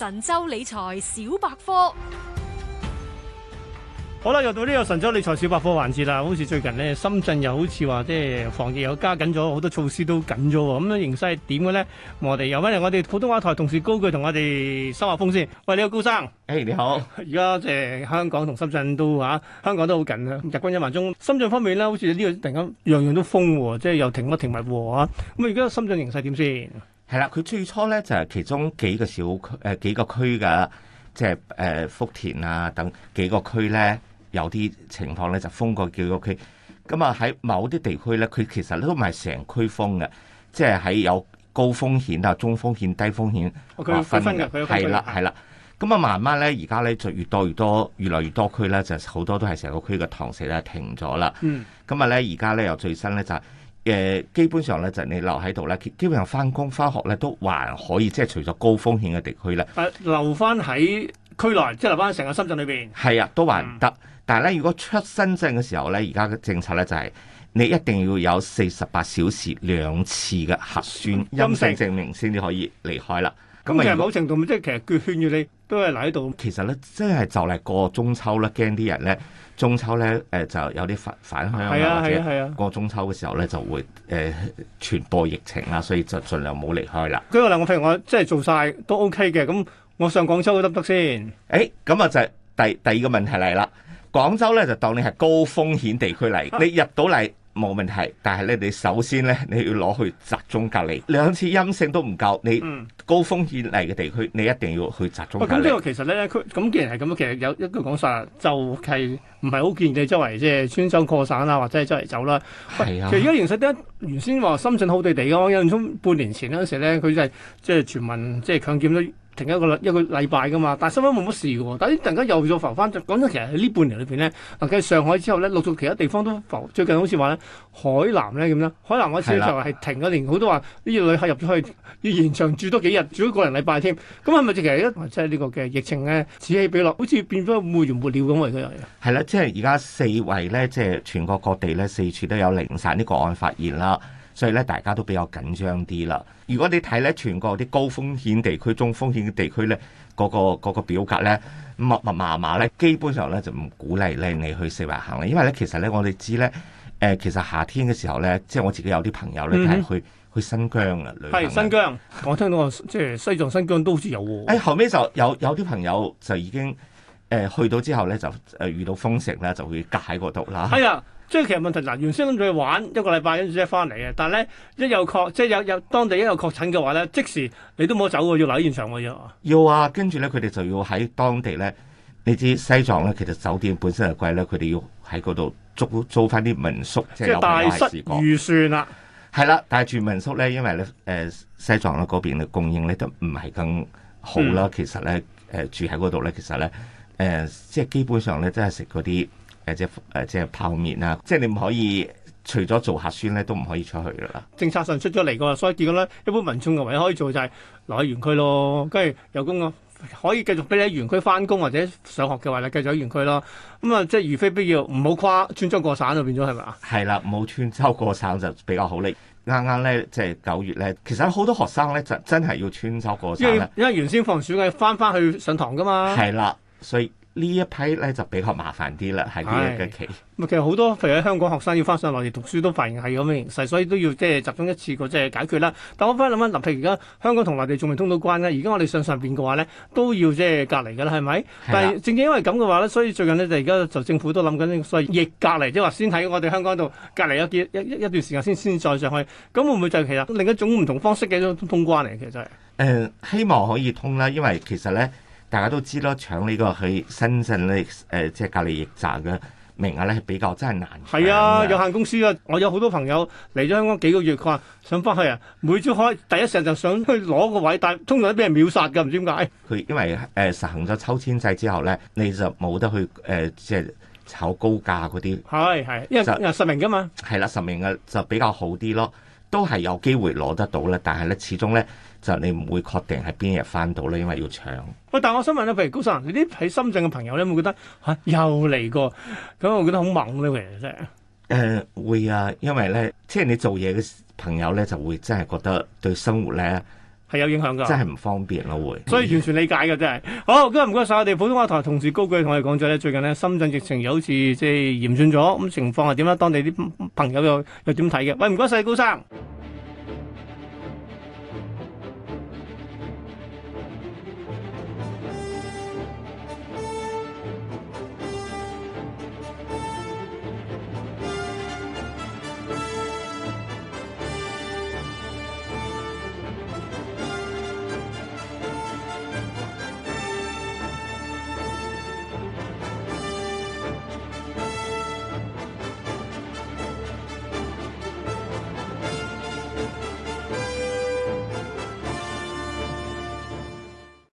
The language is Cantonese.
神州理財小百科，好啦，又到呢個神州理財小百科環節啦。好似最近咧，深圳又好似話，即係防疫又加緊咗，好多措施都緊咗。咁、嗯、樣形勢係點嘅咧？我哋有翻我哋普通話台同事高炬同我哋收下風先。喂，你好，高生。誒，hey, 你好。而家即係香港同深圳都吓、啊，香港都好緊啊，日均一萬宗，深圳方面咧，好似呢個突然間樣樣都封喎、啊，即係又停乜停物喎，咁而家深圳形勢點先？係啦，佢最初咧就係、是、其中幾個小區誒、呃、幾個區嘅，即係誒、呃、福田啊等幾個區咧有啲情況咧就封過幾個區，咁啊喺某啲地區咧，佢其實都唔係成區封嘅，即係喺有高風險啊、中風險、低風險，佢分㗎，佢有區。係啦，係啦，咁啊慢慢咧，而家咧就越多越多，越嚟越多區咧，就好多都係成個區嘅堂食咧停咗啦。嗯，咁啊咧，而家咧又最新咧就係。嗯嗯誒，基本上咧就係你留喺度咧，基本上翻工翻學咧都還可以，即係除咗高風險嘅地區啦、啊。留翻喺區內，即、就、係、是、留翻成個深圳裏邊，係啊，都還得。嗯、但係咧，如果出深圳嘅時候咧，而家嘅政策咧就係你一定要有四十八小時兩次嘅核酸陰性證明先至可以離開啦。咁其實某程度即係其實佢勸住你都係嚟喺度。其實咧，即係就嚟過中秋啦。驚啲人咧中秋咧誒就有啲反反響啊，啊，或啊。過中秋嘅時候咧就會誒、呃、傳播疫情啊，所以就盡量冇離開啦。咁我兩個譬如我即係做晒都 O K 嘅，咁我上廣州得唔得先？誒，咁啊就係第第二個問題嚟啦。廣州咧就當你係高風險地區嚟，你入到嚟。啊。冇問題，但係咧，你首先咧，你要攞去集中隔離兩次陰性都唔夠，你高風險嚟嘅地區，你一定要去集中隔離。咁呢個其實咧，佢咁既然係咁，其實有一句講曬，就係唔係好建議你周圍即係穿州過省啦，或者係周圍走啦。係啊，其實而家形勢得，原先話深圳好地地㗎，有種半年前嗰時咧，佢就係即係全民即係強檢啦。停一個一個禮拜噶嘛，但係新聞冇乜事嘅喎，但係突然間又再浮翻。講真，其實喺呢半年裏邊呢。嗱，繼上海之後呢，陸續其他地方都浮。最近好似話呢，海南呢咁啦，海南嗰次咧就係停咗一年，好多話呢啲旅客入咗去要延長住多幾日，住咗個零禮拜添。咁係咪其實即係呢個嘅疫情呢？此起彼落，好似變咗無完無了咁啊！佢係係啦，即係而家四圍呢，即係全國各地呢，四處都有零散啲個案發現啦。所以咧，大家都比較緊張啲啦。如果你睇咧全國啲高風險地區、中風險嘅地區咧、那個，嗰、那個表格咧密密麻麻咧，基本上咧就唔鼓勵咧你去四圍行啦。因為咧，其實咧我哋知咧，誒其實夏天嘅時候咧，即係我自己有啲朋友咧係去去新疆啊，係、嗯、 新疆。我聽到即係西藏、新疆都好似有喎、哦。誒 後尾就有有啲朋友就已經誒去到之後咧就誒遇到封城咧就會隔喺嗰度啦。係啊。即係其實問題嗱，原先諗住去玩一個禮拜，跟住即係翻嚟嘅。但係咧一有確，即係有有當地一有確診嘅話咧，即時你都冇得走喎，要留喺現場喎要。要啊，跟住咧佢哋就要喺當地咧。你知西藏咧，其實酒店本身係貴咧，佢哋要喺嗰度租租翻啲民宿，即係大失預算啦、啊。係啦，但係住民宿咧，因為咧誒、呃、西藏咧嗰邊嘅供應咧就唔係更好啦、嗯呃。其實咧誒住喺嗰度咧，其實咧誒即係基本上咧即係食嗰啲。即係誒，即係泡麵啦！即係你唔可以除咗做核酸咧，都唔可以出去噶啦。政策上出咗嚟噶啦，所以結果咧，一般民眾嘅唯一可以做就係留喺園區咯。跟住有工啊，可以繼續俾你喺園區翻工，或者上學嘅話，你繼續喺園區咯。咁、嗯、啊，即係如非必要，唔好跨村、啊、穿州過省，就變咗係咪啊？係啦，唔好穿州過省就比較好咧。啱啱咧，即係九月咧，其實好多學生咧就真係要穿州過省。因為，因為原先放暑假要翻翻去上堂噶嘛。係啦，所以。呢一批咧就比較麻煩啲啦，係呢一期。其實好多譬如喺香港學生要翻上內地讀書都發現係咁嘅形勢，所以都要即係集中一次過即係解決啦。但係我翻諗翻嗱，譬如而家香港同內地仲未通到關咧，而家我哋上上邊嘅話咧都要即係隔離嘅啦，係咪？但係正正因為咁嘅話咧，所以最近呢，就而家就政府都諗緊，所以逆隔離即係話先喺我哋香港度隔離有一一段時間先先再上去，咁會唔會就其實另一種唔同方式嘅一個通關嚟？其實真係、嗯、希望可以通啦，因為其實咧。大家都知啦，搶呢個去深圳咧，誒即係隔離驛站嘅名額咧，係比較真係難。係啊，有限公司啊，我有好多朋友嚟咗香港幾個月，佢話想翻去啊，每朝開第一時就想去攞個位，但係通常都俾人秒殺㗎，唔知點解。佢因為誒實行咗抽籤制之後咧，你就冇得去誒即係炒高價嗰啲。係係，因為實名㗎嘛。係啦，實、啊、名嘅就比較好啲咯。都係有機會攞得到咧，但係咧始終咧就你唔會確定係邊日翻到咧，因為要搶。喂、哦，但係我想問咧，譬如高生，你啲喺深圳嘅朋友咧，會覺得嚇、啊、又嚟過，咁我覺得好猛呢，其實真。誒、呃、會啊，因為咧，即係你做嘢嘅朋友咧，就會真係覺得對生活咧。係有影響㗎，真係唔方便咯，會。所以完全理解嘅真係。好，今日唔該晒我哋普通話台同事高炬同我哋講咗咧，最近咧深圳疫情又好似即係嚴峻咗，咁情況係點咧？當地啲朋友又又點睇嘅？喂，唔該晒，高生。